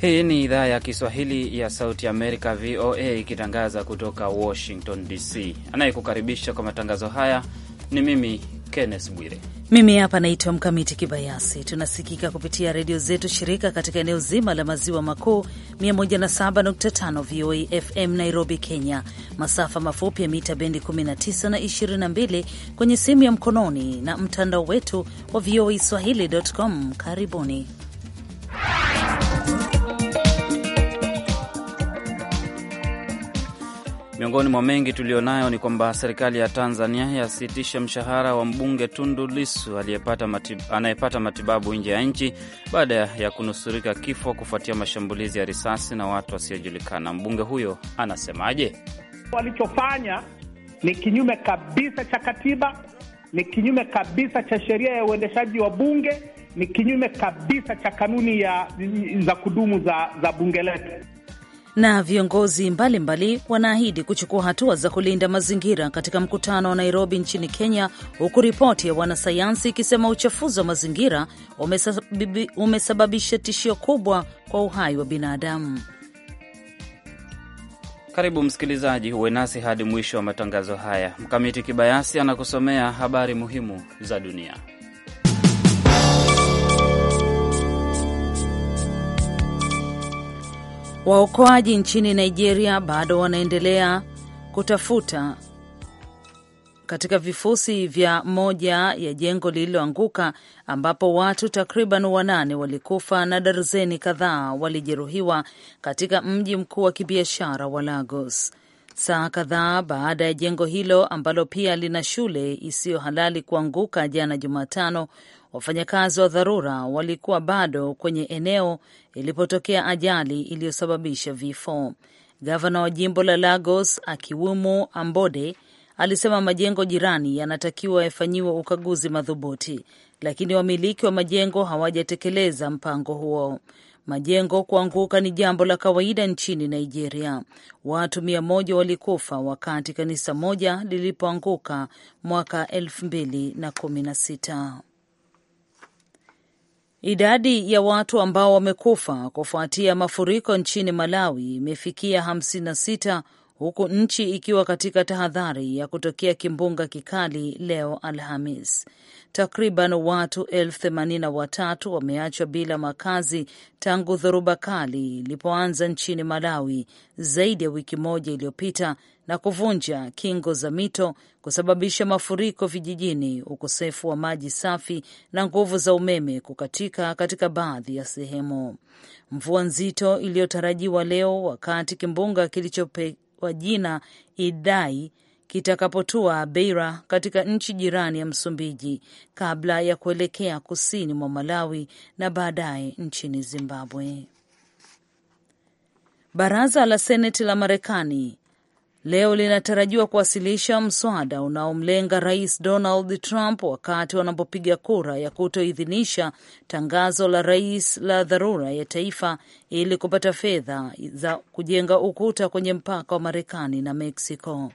Hii ni idhaa ya Kiswahili ya Sauti Amerika, VOA, ikitangaza kutoka Washington DC. Anayekukaribisha kwa matangazo haya ni mimi Kenneth Bwire. Mimi hapa naitwa Mkamiti Kibayasi. Tunasikika kupitia redio zetu shirika katika eneo zima la maziwa makuu, 107.5 VOA FM Nairobi, Kenya, masafa mafupi ya mita bendi 19 na 22 kwenye simu ya mkononi na mtandao wetu wa voa swahilicom Karibuni. Miongoni mwa mengi tuliyonayo ni kwamba serikali ya Tanzania yasitisha mshahara wa mbunge Tundu Lisu matib, anayepata matibabu nje ya nchi baada ya kunusurika kifo kufuatia mashambulizi ya risasi na watu wasiojulikana. Mbunge huyo anasemaje? Walichofanya ni kinyume kabisa cha katiba, ni kinyume kabisa cha sheria ya uendeshaji wa bunge, ni kinyume kabisa cha kanuni ya, za kudumu za, za bunge letu na viongozi mbalimbali wanaahidi kuchukua hatua za kulinda mazingira katika mkutano wa Nairobi nchini Kenya, huku ripoti ya wanasayansi ikisema uchafuzi wa mazingira umesababisha tishio kubwa kwa uhai wa binadamu. Karibu msikilizaji, huwe nasi hadi mwisho wa matangazo haya. Mkamiti Kibayasi anakusomea habari muhimu za dunia. Waokoaji nchini Nigeria bado wanaendelea kutafuta katika vifusi vya moja ya jengo lililoanguka ambapo watu takriban wanane walikufa na darzeni kadhaa walijeruhiwa katika mji mkuu wa kibiashara wa Lagos, saa kadhaa baada ya jengo hilo ambalo pia lina shule isiyo halali kuanguka jana Jumatano wafanyakazi wa dharura walikuwa bado kwenye eneo ilipotokea ajali iliyosababisha vifo. Gavana wa jimbo la Lagos Akiwumo Ambode alisema majengo jirani yanatakiwa yafanyiwe ukaguzi madhubuti, lakini wamiliki wa majengo hawajatekeleza mpango huo. Majengo kuanguka ni jambo la kawaida nchini Nigeria. Watu mia moja walikufa wakati kanisa moja lilipoanguka mwaka elfu mbili na kumi na sita. Idadi ya watu ambao wamekufa kufuatia mafuriko nchini Malawi imefikia 56 huku nchi ikiwa katika tahadhari ya kutokea kimbunga kikali leo Alhamis. Takriban watu elfu themanini na watatu wameachwa bila makazi tangu dhoruba kali ilipoanza nchini Malawi zaidi ya wiki moja iliyopita na kuvunja kingo za mito, kusababisha mafuriko vijijini, ukosefu wa maji safi na nguvu za umeme kukatika katika baadhi ya sehemu. Mvua nzito iliyotarajiwa leo wakati kimbunga kilichope wa jina Idai kitakapotua Beira katika nchi jirani ya Msumbiji kabla ya kuelekea kusini mwa Malawi na baadaye nchini Zimbabwe. Baraza la Seneti la Marekani leo linatarajiwa kuwasilisha mswada unaomlenga Rais Donald Trump wakati wanapopiga kura ya kutoidhinisha tangazo la rais la dharura ya taifa ili kupata fedha za kujenga ukuta kwenye mpaka wa Marekani na Mexico.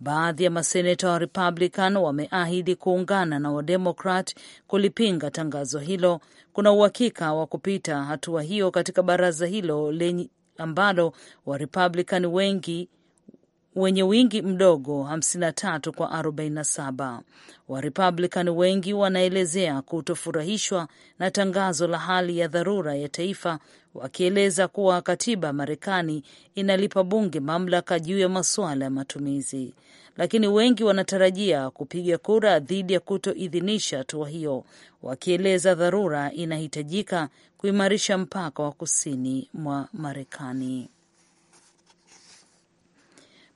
Baadhi ya maseneta wa Republican wameahidi kuungana na Wademokrat kulipinga tangazo hilo. Kuna uhakika wa kupita hatua hiyo katika baraza hilo lenye ambalo Warepublican wengi wenye wingi mdogo 53 kwa 47. Warepublican wengi wanaelezea kutofurahishwa na tangazo la hali ya dharura ya taifa, wakieleza kuwa katiba ya Marekani inalipa bunge mamlaka juu ya masuala ya matumizi, lakini wengi wanatarajia kupiga kura dhidi ya kutoidhinisha hatua hiyo, wakieleza dharura inahitajika kuimarisha mpaka wa kusini mwa Marekani.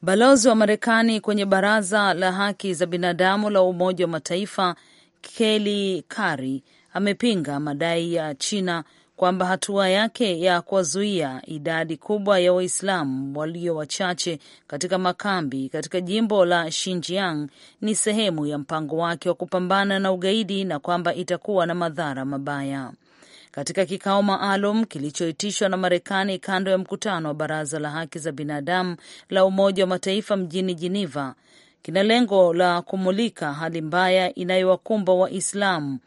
Balozi wa Marekani kwenye Baraza la Haki za Binadamu la Umoja wa Mataifa Kelly kari amepinga madai ya China kwamba hatua yake ya kuwazuia idadi kubwa ya Waislamu walio wachache katika makambi katika jimbo la Xinjiang ni sehemu ya mpango wake wa kupambana na ugaidi na kwamba itakuwa na madhara mabaya katika kikao maalum kilichoitishwa na Marekani kando ya mkutano wa Baraza la Haki za Binadamu la Umoja wa Mataifa mjini Jeneva, kina lengo la kumulika hali mbaya inayowakumba Waislamu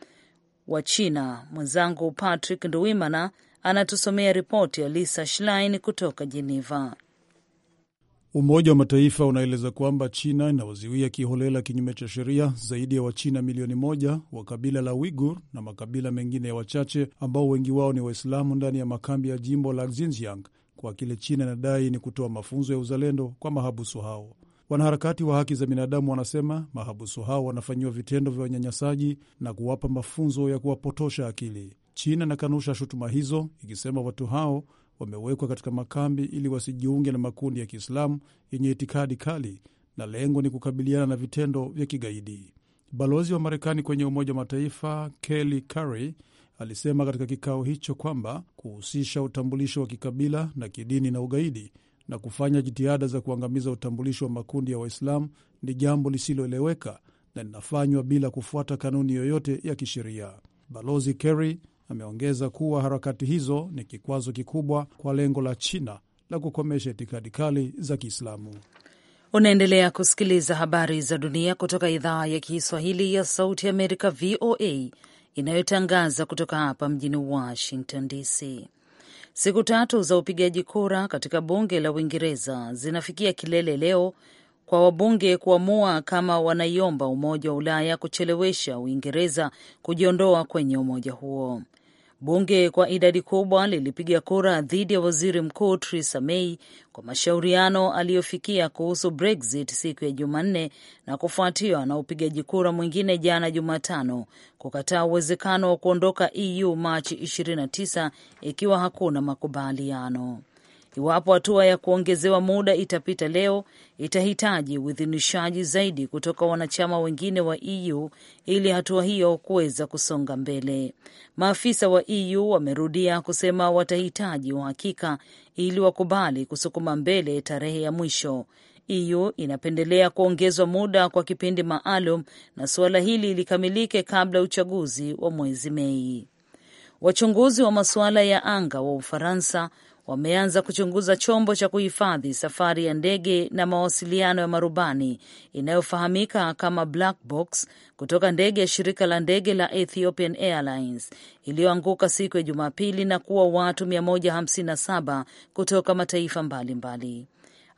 wa China. Mwenzangu Patrick Nduwimana anatusomea ripoti ya Lisa Schlein kutoka Jeneva. Umoja wa Mataifa unaeleza kwamba China inawaziwia kiholela kinyume cha sheria zaidi ya Wachina milioni moja wa kabila la Uigur na makabila mengine ya wachache ambao wengi wao ni Waislamu ndani ya makambi ya jimbo la Xinjiang kwa kile China inadai ni kutoa mafunzo ya uzalendo kwa mahabusu hao. Wanaharakati wa haki za binadamu wanasema mahabusu hao wanafanyiwa vitendo vya unyanyasaji na kuwapa mafunzo ya kuwapotosha akili. China inakanusha shutuma hizo ikisema watu hao wamewekwa katika makambi ili wasijiunge na makundi ya Kiislamu yenye itikadi kali na lengo ni kukabiliana na vitendo vya kigaidi. Balozi wa Marekani kwenye Umoja wa Mataifa Kelly Curry alisema katika kikao hicho kwamba kuhusisha utambulisho wa kikabila na kidini na ugaidi na kufanya jitihada za kuangamiza utambulisho wa makundi ya Waislamu ni jambo lisiloeleweka na linafanywa bila kufuata kanuni yoyote ya kisheria. Balozi Kerry Ameongeza kuwa harakati hizo ni kikwazo kikubwa kwa lengo la China la kukomesha itikadi kali za Kiislamu. Unaendelea kusikiliza habari za dunia kutoka idhaa ya Kiswahili ya Sauti ya Amerika, VOA, inayotangaza kutoka hapa mjini Washington DC. Siku tatu za upigaji kura katika bunge la Uingereza zinafikia kilele leo kwa wabunge kuamua kama wanaiomba Umoja wa Ulaya kuchelewesha Uingereza kujiondoa kwenye umoja huo. Bunge kwa idadi kubwa lilipiga kura dhidi ya waziri mkuu Theresa May kwa mashauriano aliyofikia kuhusu Brexit siku ya Jumanne na kufuatiwa na upigaji kura mwingine jana Jumatano kukataa uwezekano wa kuondoka EU Machi 29 ikiwa hakuna makubaliano. Iwapo hatua ya kuongezewa muda itapita leo, itahitaji uidhinishaji zaidi kutoka wanachama wengine wa EU ili hatua hiyo kuweza kusonga mbele. Maafisa wa EU wamerudia kusema watahitaji uhakika ili wakubali kusukuma mbele tarehe ya mwisho. EU inapendelea kuongezwa muda kwa kipindi maalum na suala hili likamilike kabla uchaguzi wa mwezi Mei. Wachunguzi wa masuala ya anga wa Ufaransa wameanza kuchunguza chombo cha kuhifadhi safari ya ndege na mawasiliano ya marubani inayofahamika kama black box kutoka ndege ya shirika la ndege la Ethiopian Airlines iliyoanguka siku ya Jumapili na kuwa watu 157 kutoka mataifa mbalimbali mbali.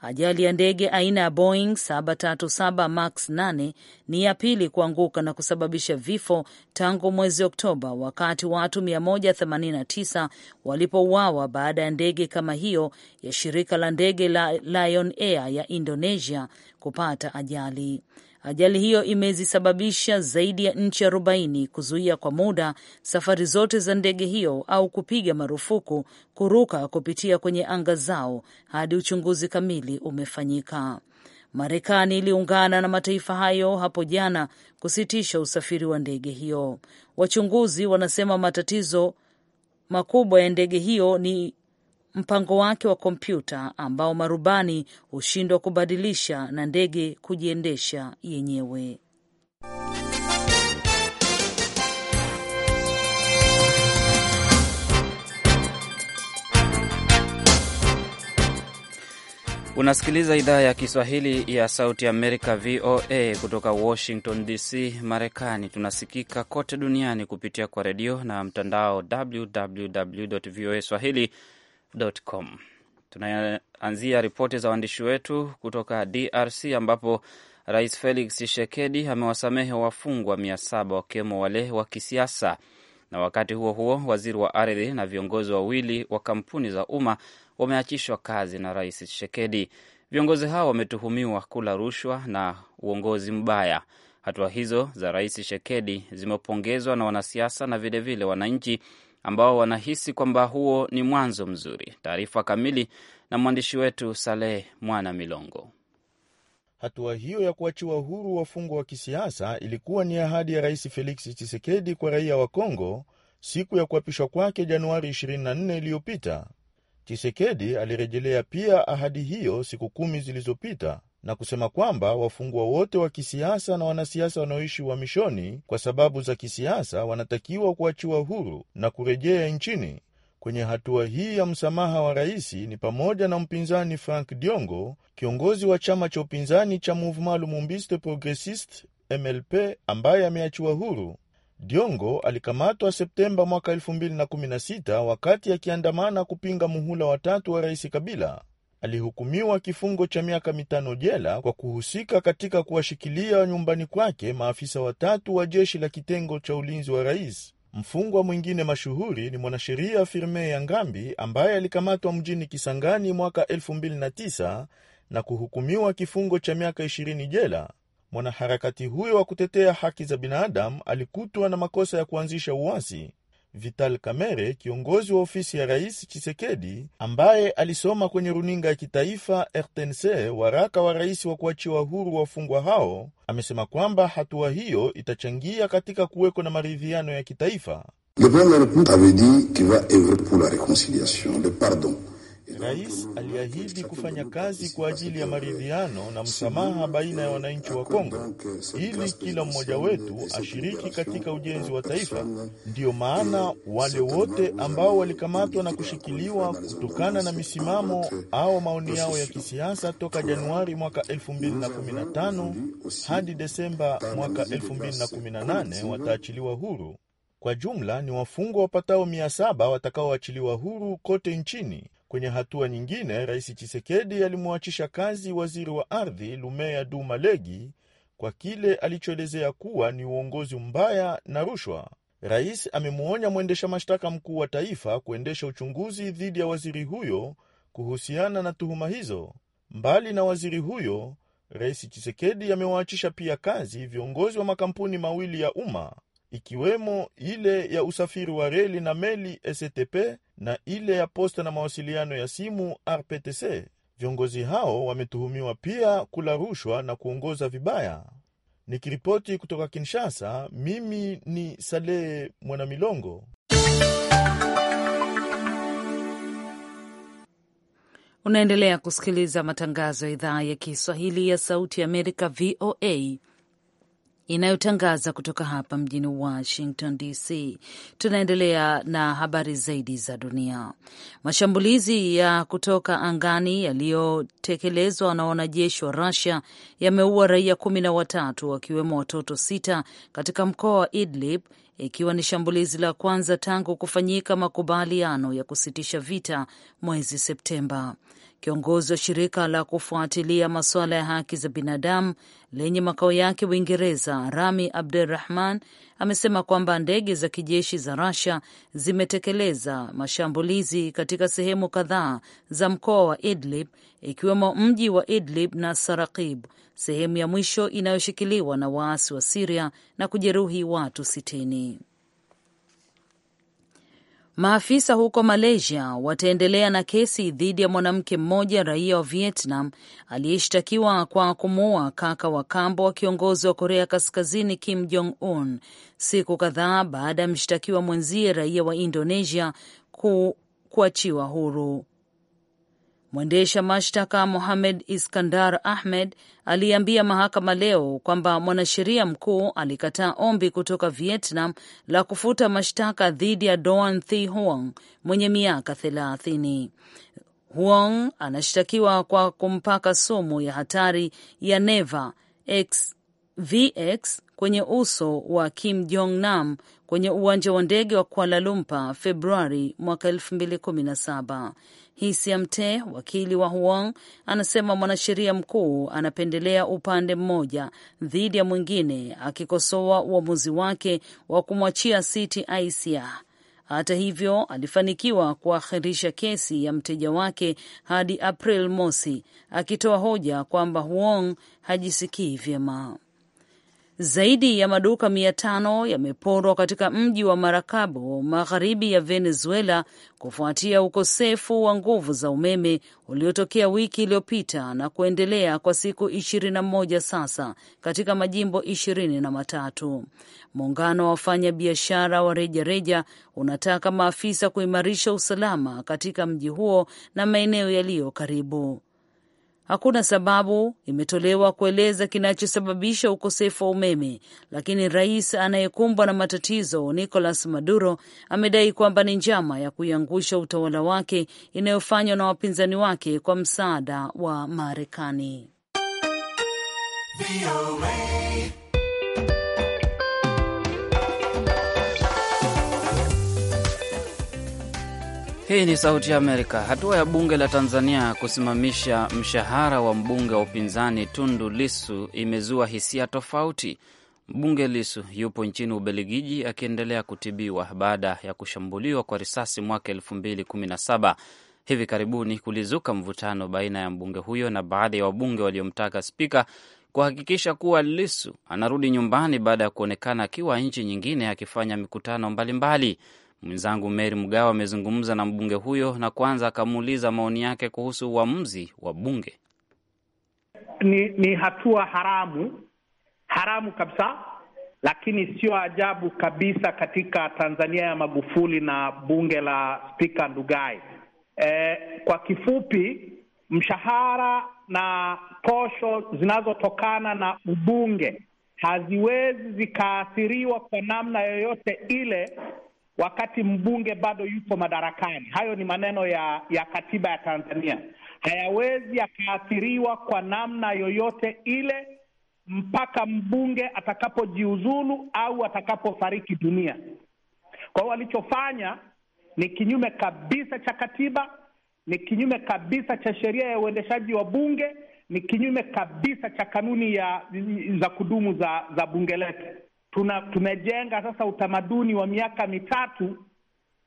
Ajali ya ndege aina ya Boeing 737 Max 8 ni ya pili kuanguka na kusababisha vifo tangu mwezi Oktoba, wakati watu 189 walipouawa baada ya ndege kama hiyo ya shirika la ndege la Lion Air ya Indonesia kupata ajali. Ajali hiyo imezisababisha zaidi ya nchi arobaini kuzuia kwa muda safari zote za ndege hiyo au kupiga marufuku kuruka kupitia kwenye anga zao hadi uchunguzi kamili umefanyika. Marekani iliungana na mataifa hayo hapo jana kusitisha usafiri wa ndege hiyo. Wachunguzi wanasema matatizo makubwa ya ndege hiyo ni mpango wake wa kompyuta ambao marubani hushindwa kubadilisha na ndege kujiendesha yenyewe. Unasikiliza idhaa ya Kiswahili ya Sauti Amerika, VOA, kutoka Washington DC, Marekani. Tunasikika kote duniani kupitia kwa redio na mtandao www voa swahili com. Tunaanzia ripoti za waandishi wetu kutoka DRC ambapo Rais Felix Tshisekedi amewasamehe wafungwa mia saba wakiwemo wale wa kisiasa. Na wakati huo huo, waziri wa ardhi na viongozi wawili wa kampuni za umma wameachishwa kazi na Rais Tshisekedi. Viongozi hao wametuhumiwa kula rushwa na uongozi mbaya. Hatua hizo za Rais Tshisekedi zimepongezwa na wanasiasa na vilevile wananchi ambao wanahisi kwamba huo ni mwanzo mzuri. Taarifa kamili na mwandishi wetu Saleh Mwana Milongo. Hatua hiyo ya kuachiwa huru wafungwa wa kisiasa ilikuwa ni ahadi ya Rais feliksi chisekedi kwa raia wa Kongo siku ya kuapishwa kwake Januari 24 iliyopita. chisekedi alirejelea pia ahadi hiyo siku kumi zilizopita na kusema kwamba wafungwa wote wa kisiasa na wanasiasa wanaoishi uhamishoni kwa sababu za kisiasa wanatakiwa kuachiwa huru na kurejea nchini. Kwenye hatua hii ya msamaha wa rais ni pamoja na mpinzani Frank Diongo, kiongozi wa chama cha upinzani cha Mouvement Lumumbiste Progressiste MLP, ambaye ameachiwa huru. Diongo alikamatwa Septemba mwaka 2016 wakati akiandamana kupinga muhula watatu wa rais Kabila alihukumiwa kifungo cha miaka mitano jela kwa kuhusika katika kuwashikilia nyumbani kwake maafisa watatu wa jeshi la kitengo cha ulinzi wa rais. Mfungwa mwingine mashuhuri ni mwanasheria ya Yangambi ambaye alikamatwa mjini Kisangani mwaka 2009 na kuhukumiwa kifungo cha miaka 20 jela. Mwanaharakati huyo wa kutetea haki za binadamu alikutwa na makosa ya kuanzisha uasi. Vital Kamerhe, kiongozi wa ofisi ya Rais chisekedi ambaye alisoma kwenye runinga ya kitaifa RTNC waraka wa rais wa kuachiwa huru wafungwa hao, amesema kwamba hatua hiyo itachangia katika kuweko na maridhiano ya kitaifa. Le président de la République avait dit qu'il va œuvrer pour la réconciliation, le pardon Rais aliahidi kufanya kazi kwa ajili ya maridhiano na msamaha baina ya wananchi wa Kongo eh, ili kila mmoja wetu eh, ashiriki katika ujenzi wa taifa. Ndiyo maana eh, wale wote ambao walikamatwa na kushikiliwa kutokana na misimamo au maoni yao ya kisiasa toka Januari mwaka 2015 hadi Desemba mwaka 2018 wataachiliwa huru. Kwa jumla ni wafungwa wapatao mia watakaoachiliwa huru kote nchini Kwenye hatua nyingine, Rais Chisekedi alimwachisha kazi waziri wa ardhi Lumea Du Malegi kwa kile alichoelezea kuwa ni uongozi mbaya na rushwa. Rais amemwonya mwendesha mashtaka mkuu wa taifa kuendesha uchunguzi dhidi ya waziri huyo kuhusiana na tuhuma hizo. Mbali na waziri huyo, Rais Chisekedi amewaachisha pia kazi viongozi wa makampuni mawili ya umma ikiwemo ile ya usafiri wa reli na meli STP na ile ya posta na mawasiliano ya simu RPTC. Viongozi hao wametuhumiwa pia kula rushwa na kuongoza vibaya. Nikiripoti kutoka Kinshasa, mimi ni Salehe Mwanamilongo. Unaendelea kusikiliza matangazo ya idhaa ya Kiswahili ya Sauti ya Amerika, VOA inayotangaza kutoka hapa mjini Washington DC. Tunaendelea na habari zaidi za dunia. Mashambulizi ya kutoka angani yaliyotekelezwa na wanajeshi wa Rusia yameua raia kumi na watatu wakiwemo watoto sita katika mkoa wa Idlib ikiwa ni shambulizi la kwanza tangu kufanyika makubaliano ya kusitisha vita mwezi Septemba. Kiongozi wa shirika la kufuatilia masuala ya haki za binadamu lenye makao yake Uingereza, Rami Abdurahman amesema kwamba ndege za kijeshi za Russia zimetekeleza mashambulizi katika sehemu kadhaa za mkoa wa Idlib, ikiwemo mji wa Idlib na Sarakib, sehemu ya mwisho inayoshikiliwa na waasi wa Siria na kujeruhi watu sitini. Maafisa huko Malaysia wataendelea na kesi dhidi ya mwanamke mmoja raia wa Vietnam aliyeshtakiwa kwa kumuua kaka wa kambo wa kiongozi wa Korea Kaskazini Kim Jong Un, siku kadhaa baada ya mshtakiwa mwenzie raia wa Indonesia ku kuachiwa huru. Mwendesha mashtaka Mohamed Iskandar Ahmed aliambia mahakama leo kwamba mwanasheria mkuu alikataa ombi kutoka Vietnam la kufuta mashtaka dhidi ya Doan Thi Huong mwenye miaka thelathini. Huong anashtakiwa kwa kumpaka sumu ya hatari ya neva X VX kwenye uso wa Kim Jong Nam kwenye uwanja wa ndege wa Kuala Lumpur Februari mwaka 2017. Hisiamte, wakili wa Huong, anasema mwanasheria mkuu anapendelea upande mmoja dhidi ya mwingine, akikosoa uamuzi wake wa kumwachia Siti Aisia. Hata hivyo alifanikiwa kuakhirisha kesi ya mteja wake hadi April mosi, akitoa hoja kwamba Huong hajisikii vyema. Zaidi ya maduka mia tano yameporwa katika mji wa Marakabo, magharibi ya Venezuela, kufuatia ukosefu wa nguvu za umeme uliotokea wiki iliyopita na kuendelea kwa siku ishirini na moja sasa katika majimbo ishirini na matatu. Muungano wa wafanyabiashara wa rejareja unataka maafisa kuimarisha usalama katika mji huo na maeneo yaliyo karibu. Hakuna sababu imetolewa kueleza kinachosababisha ukosefu wa umeme, lakini rais anayekumbwa na matatizo Nicolas Maduro amedai kwamba ni njama ya kuiangusha utawala wake inayofanywa na wapinzani wake kwa msaada wa Marekani. Hii ni Sauti ya Amerika. Hatua ya bunge la Tanzania kusimamisha mshahara wa mbunge wa upinzani Tundu Lisu imezua hisia tofauti. Mbunge Lisu yupo nchini Ubelgiji akiendelea kutibiwa baada ya kushambuliwa kwa risasi mwaka elfu mbili kumi na saba. Hivi karibuni kulizuka mvutano baina ya mbunge huyo na baadhi ya wabunge waliomtaka spika kuhakikisha kuwa Lisu anarudi nyumbani baada ya kuonekana akiwa nchi nyingine akifanya mikutano mbalimbali mbali. Mwenzangu meri Mgawa amezungumza na mbunge huyo na kwanza akamuuliza maoni yake kuhusu uamuzi wa bunge. Ni, ni hatua haramu haramu kabisa, lakini sio ajabu kabisa katika Tanzania ya Magufuli na bunge la spika Ndugai. E, kwa kifupi mshahara na posho zinazotokana na ubunge haziwezi zikaathiriwa kwa namna yoyote ile wakati mbunge bado yupo madarakani. Hayo ni maneno ya, ya katiba ya Tanzania, hayawezi yakaathiriwa kwa namna yoyote ile mpaka mbunge atakapojiuzulu au atakapofariki dunia. Kwa hiyo walichofanya ni kinyume kabisa cha katiba, ni kinyume kabisa cha sheria ya uendeshaji wa bunge, ni kinyume kabisa cha kanuni ya za kudumu za, za bunge letu tuna, tumejenga sasa utamaduni wa miaka mitatu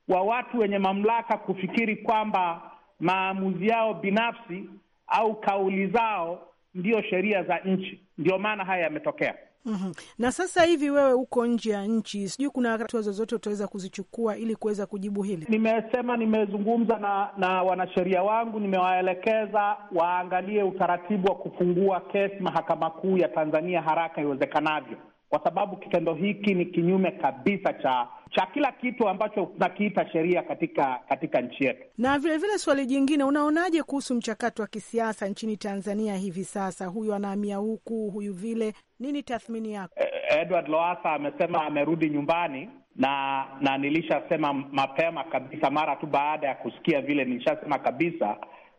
wa watu wenye mamlaka kufikiri kwamba maamuzi yao binafsi au kauli zao ndiyo sheria za nchi. Ndiyo maana haya yametokea. Mm -hmm. Na sasa hivi wewe uko nje ya nchi, sijui kuna hatua zozote utaweza kuzichukua ili kuweza kujibu hili? Nimesema, nimezungumza na na wanasheria wangu, nimewaelekeza waangalie utaratibu wa kufungua kesi mahakama kuu ya Tanzania haraka iwezekanavyo kwa sababu kitendo hiki ni kinyume kabisa cha cha kila kitu ambacho tunakiita sheria katika katika nchi yetu. Na vilevile vile swali jingine, unaonaje kuhusu mchakato wa kisiasa nchini Tanzania hivi sasa? Huyu anahamia huku, huyu vile, nini tathmini yako? E, Edward loasa amesema amerudi nyumbani na na nilishasema mapema kabisa, mara tu baada ya kusikia vile, nilishasema kabisa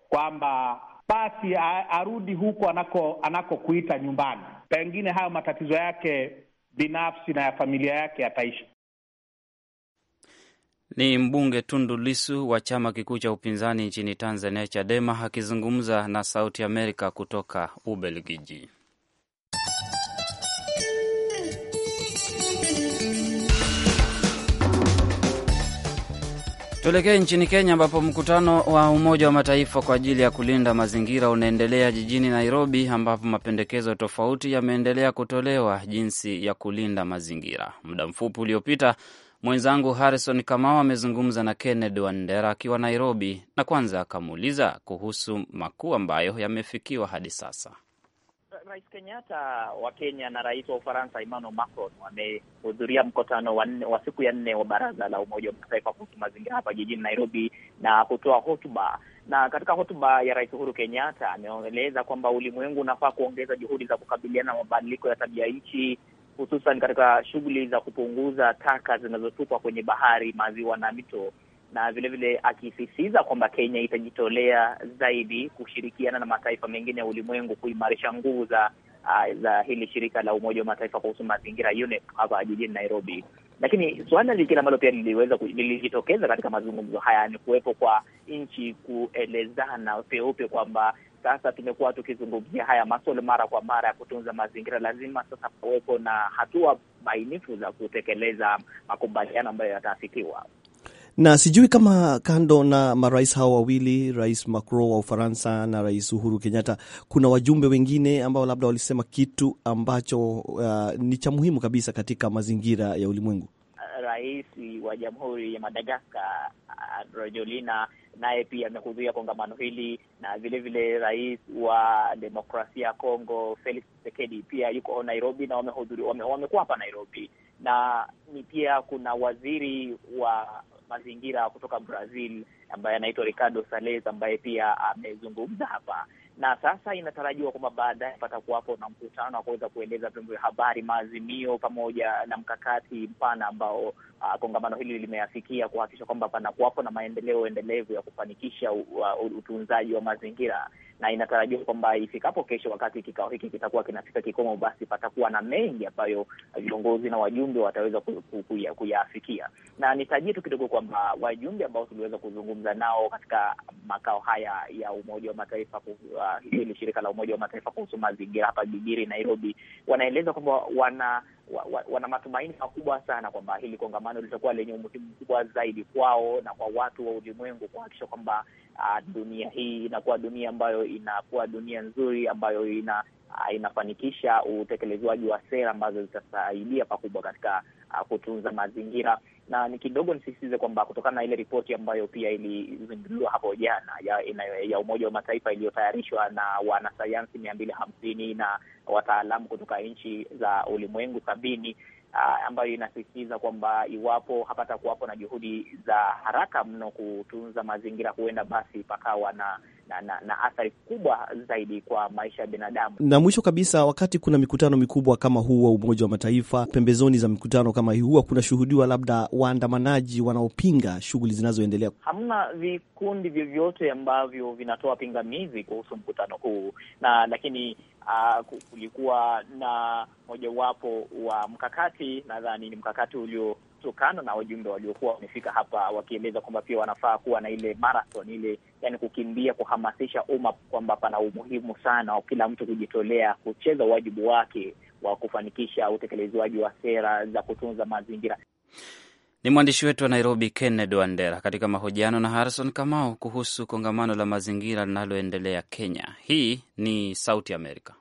kwamba basi arudi huko anako anakokuita nyumbani pengine hayo matatizo yake binafsi na ya familia yake yataisha. Ni mbunge Tundu Lisu wa chama kikuu cha upinzani nchini Tanzania, Chadema, akizungumza na Sauti Amerika kutoka Ubelgiji. Tuelekee nchini Kenya ambapo mkutano wa Umoja wa Mataifa kwa ajili ya kulinda mazingira unaendelea jijini Nairobi, ambapo mapendekezo tofauti yameendelea kutolewa jinsi ya kulinda mazingira. Muda mfupi uliopita, mwenzangu Harrison Kamau amezungumza na Kennedy Wandera akiwa Nairobi, na kwanza akamuuliza kuhusu makuu ambayo yamefikiwa hadi sasa. Rais Kenyatta wa Kenya na rais wa Ufaransa Emmanuel Macron wamehudhuria mkutano wa, wa siku ya nne wa Baraza la Umoja wa Mataifa kuhusu mazingira hapa jijini Nairobi na kutoa hotuba. Na katika hotuba ya Rais Uhuru Kenyatta ameeleza kwamba ulimwengu unafaa kuongeza juhudi za kukabiliana na mabadiliko ya tabia nchi hususan katika shughuli za kupunguza taka zinazotupwa kwenye bahari, maziwa na mito na vilevile akisisitiza kwamba Kenya itajitolea zaidi kushirikiana na mataifa mengine ya ulimwengu kuimarisha nguvu za ah, za hili shirika la Umoja wa Mataifa kuhusu mazingira UNEP hapa jijini Nairobi. Lakini suala lingine ambalo pia liliweza lilijitokeza katika mazungumzo haya ni kuwepo kwa nchi kuelezana peupe kwamba sasa tumekuwa tukizungumzia haya masuala mara kwa mara ya kutunza mazingira, lazima sasa pawepo na hatua bainifu za kutekeleza makubaliano ambayo yataafikiwa na sijui kama kando na marais hao wawili, Rais Macron wa Ufaransa na Rais Uhuru Kenyatta, kuna wajumbe wengine ambao labda walisema kitu ambacho uh, ni cha muhimu kabisa katika mazingira ya ulimwengu. Rais wa Jamhuri ya Madagaskar Rojolina naye pia amehudhuria kongamano hili, na vilevile rais wa demokrasia ya Kongo Felix Tshisekedi pia yuko Nairobi na wamekuwa hapa Nairobi, na ni pia kuna waziri wa mazingira kutoka Brazil ambaye anaitwa Ricardo sales ambaye pia amezungumza hapa, na sasa inatarajiwa kwamba baadaye patakuwapo na mkutano wa kuweza kueleza vyombo vya habari maazimio pamoja na mkakati mpana ambao uh, kongamano hili limeafikia kuhakikisha kwamba panakuwapo na maendeleo endelevu ya kufanikisha uh, utunzaji wa mazingira na inatarajiwa kwamba ifikapo kesho, wakati kikao hiki kitakuwa kinafika kikomo, basi patakuwa na mengi ambayo viongozi na wajumbe wataweza kuyafikia. Na nitajie tu kidogo kwamba wajumbe ambao tuliweza kuzungumza nao katika makao haya ya Umoja wa Mataifa, uh, hili shirika la Umoja wa Mataifa kuhusu mazingira hapa jijini Nairobi, wanaeleza kwamba wana wana matumaini makubwa sana kwamba hili kongamano litakuwa lenye umuhimu mkubwa zaidi kwao na kwa watu wa ulimwengu kuhakikisha kwamba uh, dunia hii inakuwa dunia ambayo inakuwa dunia nzuri ambayo ina uh, inafanikisha utekelezwaji wa sera ambazo zitasaidia pakubwa katika uh, kutunza mazingira na ni kidogo nisisitize kwamba kutokana na ile ripoti ambayo pia ilizinduliwa hapo jana ya, ya Umoja wa Mataifa iliyotayarishwa na wanasayansi mia mbili hamsini na wataalamu kutoka nchi za ulimwengu sabini Uh, ambayo inasisitiza kwamba iwapo hapata kuwapo na juhudi za haraka mno kutunza mazingira, huenda basi pakawa na na, na, na athari kubwa zaidi kwa maisha ya binadamu. Na mwisho kabisa, wakati kuna mikutano mikubwa kama huu wa Umoja wa Mataifa, pembezoni za mikutano kama hii huwa kunashuhudiwa labda waandamanaji wanaopinga shughuli zinazoendelea. Hamna vikundi vyovyote ambavyo vinatoa pingamizi kuhusu mkutano huu na lakini Uh, kulikuwa na mojawapo wa mkakati nadhani ni mkakati ulio kutokana na wajumbe waliokuwa wamefika hapa wakieleza kwamba pia wanafaa kuwa na ile marathon ile, yani kukimbia, kuhamasisha umma kwamba pana umuhimu sana wa kila mtu kujitolea kucheza wajibu wake wa kufanikisha utekelezwaji wa sera za kutunza mazingira. Ni mwandishi wetu wa Nairobi, Kennedy Wandera, katika mahojiano na Harrison Kamau kuhusu kongamano la mazingira linaloendelea Kenya. Hii ni Sauti Amerika.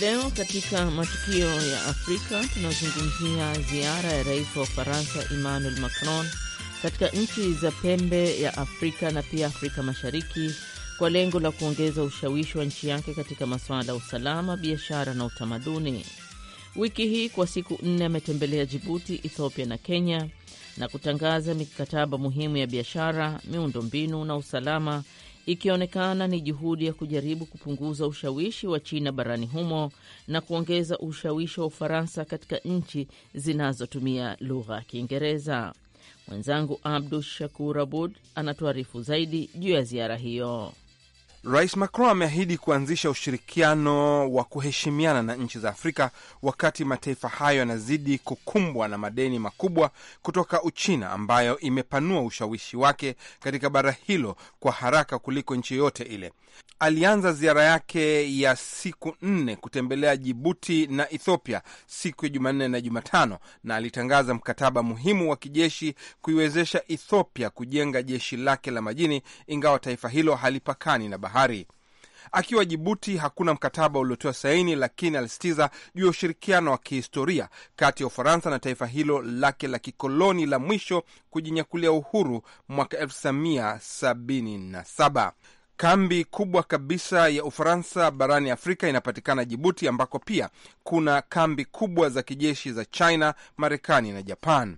Leo katika matukio ya Afrika tunazungumzia ziara ya rais wa Ufaransa Emmanuel Macron katika nchi za pembe ya Afrika na pia Afrika Mashariki kwa lengo la kuongeza ushawishi wa nchi yake katika masuala ya usalama, biashara na utamaduni. Wiki hii kwa siku nne ametembelea Jibuti, Ethiopia na Kenya na kutangaza mikataba muhimu ya biashara, miundo mbinu na usalama ikionekana ni juhudi ya kujaribu kupunguza ushawishi wa China barani humo na kuongeza ushawishi wa Ufaransa katika nchi zinazotumia lugha ya Kiingereza. Mwenzangu Abdu Shakur Abud anatuarifu zaidi juu ya ziara hiyo. Rais Macron ameahidi kuanzisha ushirikiano wa kuheshimiana na nchi za Afrika wakati mataifa hayo yanazidi kukumbwa na madeni makubwa kutoka Uchina ambayo imepanua ushawishi wake katika bara hilo kwa haraka kuliko nchi yoyote ile. Alianza ziara yake ya siku nne kutembelea Jibuti na Ethiopia siku ya Jumanne na Jumatano, na alitangaza mkataba muhimu wa kijeshi kuiwezesha Ethiopia kujenga jeshi lake la majini, ingawa taifa hilo halipakani na bahari bahari. Akiwa Jibuti, hakuna mkataba uliotiwa saini, lakini alisitiza juu ya ushirikiano wa kihistoria kati ya Ufaransa na taifa hilo lake la kikoloni la mwisho kujinyakulia uhuru mwaka 1977. Kambi kubwa kabisa ya Ufaransa barani Afrika inapatikana Jibuti, ambako pia kuna kambi kubwa za kijeshi za China, Marekani na Japan.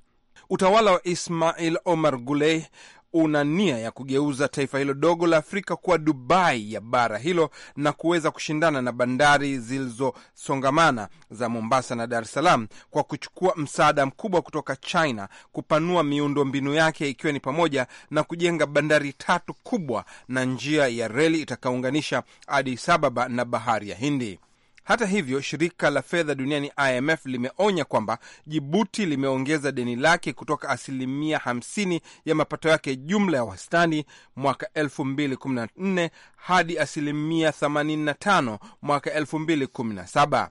Utawala wa Ismail Omar Gulei una nia ya kugeuza taifa hilo dogo la Afrika kuwa Dubai ya bara hilo na kuweza kushindana na bandari zilizosongamana za Mombasa na Dar es Salaam kwa kuchukua msaada mkubwa kutoka China, kupanua miundo mbinu yake ikiwa ni pamoja na kujenga bandari tatu kubwa na njia ya reli itakaunganisha Addis Ababa na bahari ya Hindi. Hata hivyo, shirika la fedha duniani IMF limeonya kwamba Jibuti limeongeza deni lake kutoka asilimia 50 ya mapato yake jumla ya wastani mwaka 2014 hadi asilimia 85 mwaka 2017.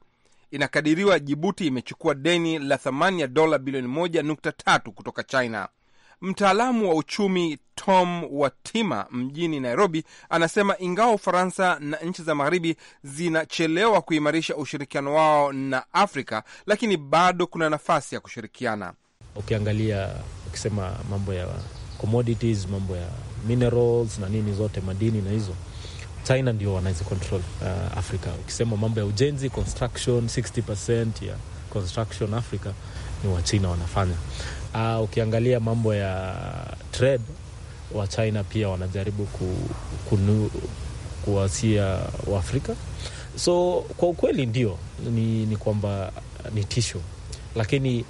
Inakadiriwa Jibuti imechukua deni la thamani ya dola bilioni 1.3 kutoka China. Mtaalamu wa uchumi Tom Watima mjini Nairobi anasema ingawa Ufaransa na nchi za magharibi zinachelewa kuimarisha ushirikiano wao na Afrika, lakini bado kuna nafasi ya kushirikiana. Ukiangalia ukisema mambo ya commodities, mambo ya minerals na nini zote, madini na hizo China ndio wanaweza control uh, Afrika. Ukisema mambo ya ujenzi construction, 60% ya construction Africa ni Wachina wanafanya Uh, ukiangalia mambo ya trade wa China pia wanajaribu ku, kunu, kuwasia Waafrika. So kwa ukweli ndio ni, ni kwamba ni tisho, lakini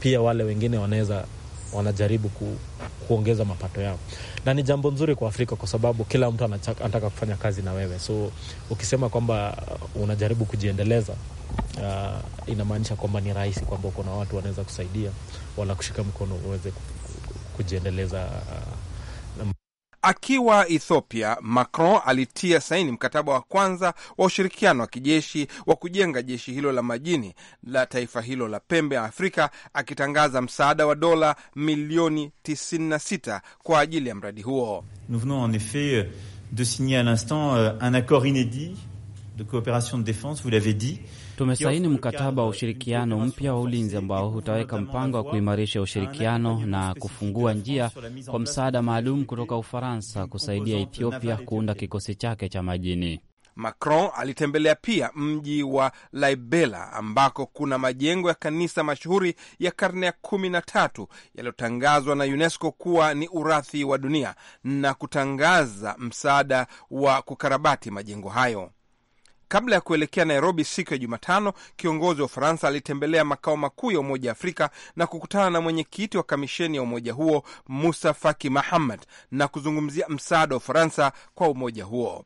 pia wale wengine wanaweza wanajaribu ku, kuongeza mapato yao, na ni jambo nzuri kwa Afrika kwa sababu kila mtu anataka kufanya kazi na wewe, so ukisema kwamba unajaribu kujiendeleza uh, inamaanisha kwamba ni rahisi kwamba uko na watu wanaweza kusaidia wala kushika mkono uweze kujiendeleza uh, Akiwa Ethiopia, Macron alitia saini mkataba wa kwanza wa ushirikiano wa kijeshi wa kujenga jeshi hilo la majini la taifa hilo la pembe ya Afrika, akitangaza msaada wa dola milioni 96 kwa ajili ya mradi huo. Nous venons en effet euh, de signer à l'instant euh, un accord inédit de coopération de défense, vous l'avez dit Tumesaini mkataba wa ushirikiano mpya wa ulinzi ambao utaweka mpango wa kuimarisha ushirikiano na kufungua njia kwa msaada maalum kutoka Ufaransa kusaidia Ethiopia kuunda kikosi chake cha majini. Macron alitembelea pia mji wa Libela ambako kuna majengo ya kanisa mashuhuri ya karne ya kumi na tatu yaliyotangazwa na UNESCO kuwa ni urathi wa dunia na kutangaza msaada wa kukarabati majengo hayo. Kabla ya kuelekea Nairobi siku ya Jumatano, kiongozi wa Ufaransa alitembelea makao makuu ya Umoja wa Afrika na kukutana na mwenyekiti wa kamisheni ya umoja huo Musa Faki Mahamad na kuzungumzia msaada wa Ufaransa kwa umoja huo.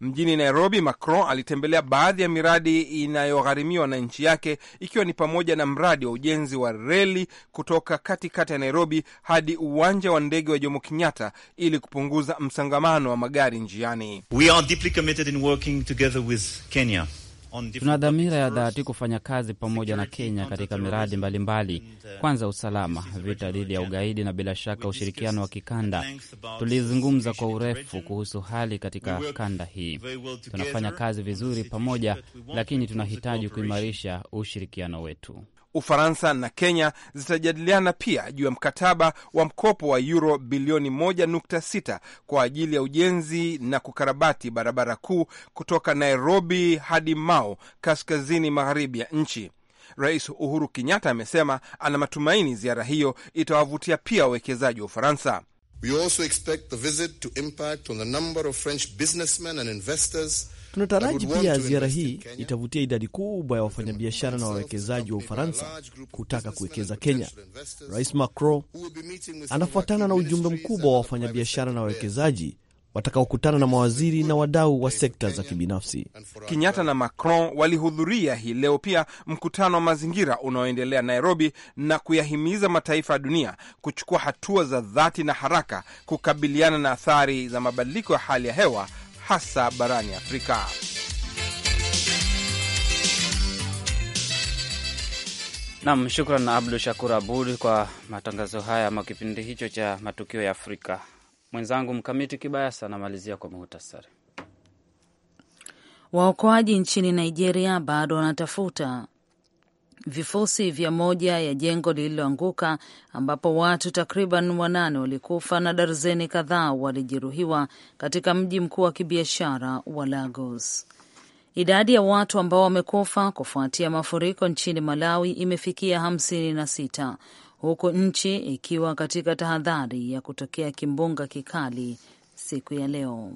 Mjini Nairobi, Macron alitembelea baadhi ya miradi inayogharimiwa na nchi yake, ikiwa ni pamoja na mradi wa ujenzi wa reli kutoka katikati ya Nairobi hadi uwanja wa ndege wa Jomo Kenyatta ili kupunguza msangamano wa magari njiani. We are deeply committed in working together with Kenya Tuna dhamira ya dhati kufanya kazi pamoja na Kenya katika miradi mbalimbali mbali. Kwanza usalama, vita dhidi ya ugaidi na bila shaka ushirikiano wa kikanda. Tulizungumza kwa urefu kuhusu hali katika kanda hii. Tunafanya kazi vizuri pamoja, lakini tunahitaji kuimarisha ushirikiano wetu. Ufaransa na Kenya zitajadiliana pia juu ya mkataba wa mkopo wa yuro bilioni 1.6 kwa ajili ya ujenzi na kukarabati barabara kuu kutoka Nairobi hadi mao kaskazini magharibi ya nchi. Rais Uhuru Kenyatta amesema ana matumaini ziara hiyo itawavutia pia wawekezaji wa Ufaransa. We also expect the visit to impact on the number of French businessmen and investors Tunataraji pia ziara hii itavutia idadi kubwa ya wafanyabiashara na wawekezaji wa Ufaransa kutaka kuwekeza Kenya. Rais Macron anafuatana na ujumbe mkubwa wa wafanyabiashara na wawekezaji watakaokutana na mawaziri na wadau wa sekta za kibinafsi. Kenyatta na Macron walihudhuria hii leo pia mkutano wa mazingira unaoendelea Nairobi na kuyahimiza mataifa ya dunia kuchukua hatua za dhati na haraka kukabiliana na athari za mabadiliko ya hali ya hewa hasa barani Afrika. Nam, shukran na Abdu Shakur Abud kwa matangazo haya ama kipindi hicho cha matukio ya Afrika. Mwenzangu Mkamiti Kibayasi anamalizia kwa muhtasari. Waokoaji nchini Nigeria bado wanatafuta vifusi vya moja ya jengo lililoanguka ambapo watu takriban wanane walikufa na darzeni kadhaa walijeruhiwa katika mji mkuu wa kibiashara wa Lagos. Idadi ya watu ambao wamekufa kufuatia mafuriko nchini Malawi imefikia hamsini na sita huku nchi ikiwa katika tahadhari ya kutokea kimbunga kikali siku ya leo.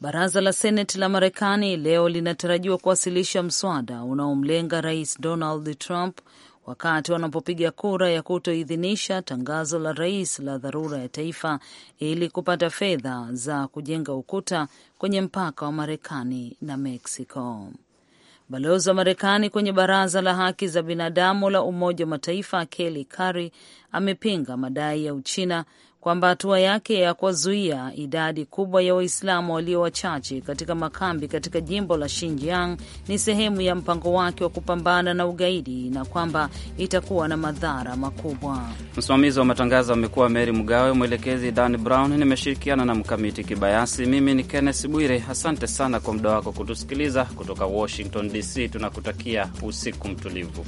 Baraza la Seneti la Marekani leo linatarajiwa kuwasilisha mswada unaomlenga Rais Donald Trump wakati wanapopiga kura ya kutoidhinisha tangazo la rais la dharura ya taifa ili kupata fedha za kujenga ukuta kwenye mpaka wa Marekani na Mexico. Balozi wa Marekani kwenye Baraza la Haki za Binadamu la Umoja wa Mataifa Kelly Curry amepinga madai ya Uchina kwamba hatua yake ya kuwazuia idadi kubwa ya Waislamu walio wachache katika makambi katika jimbo la Xinjiang ni sehemu ya mpango wake wa kupambana na ugaidi na kwamba itakuwa na madhara makubwa. Msimamizi wa matangazo amekuwa Mary Mgawe, mwelekezi Dan Brown, nimeshirikiana na Mkamiti Kibayasi. Mimi ni Kenneth Bwire, asante sana kwa muda wako kutusikiliza. Kutoka Washington DC tunakutakia usiku mtulivu.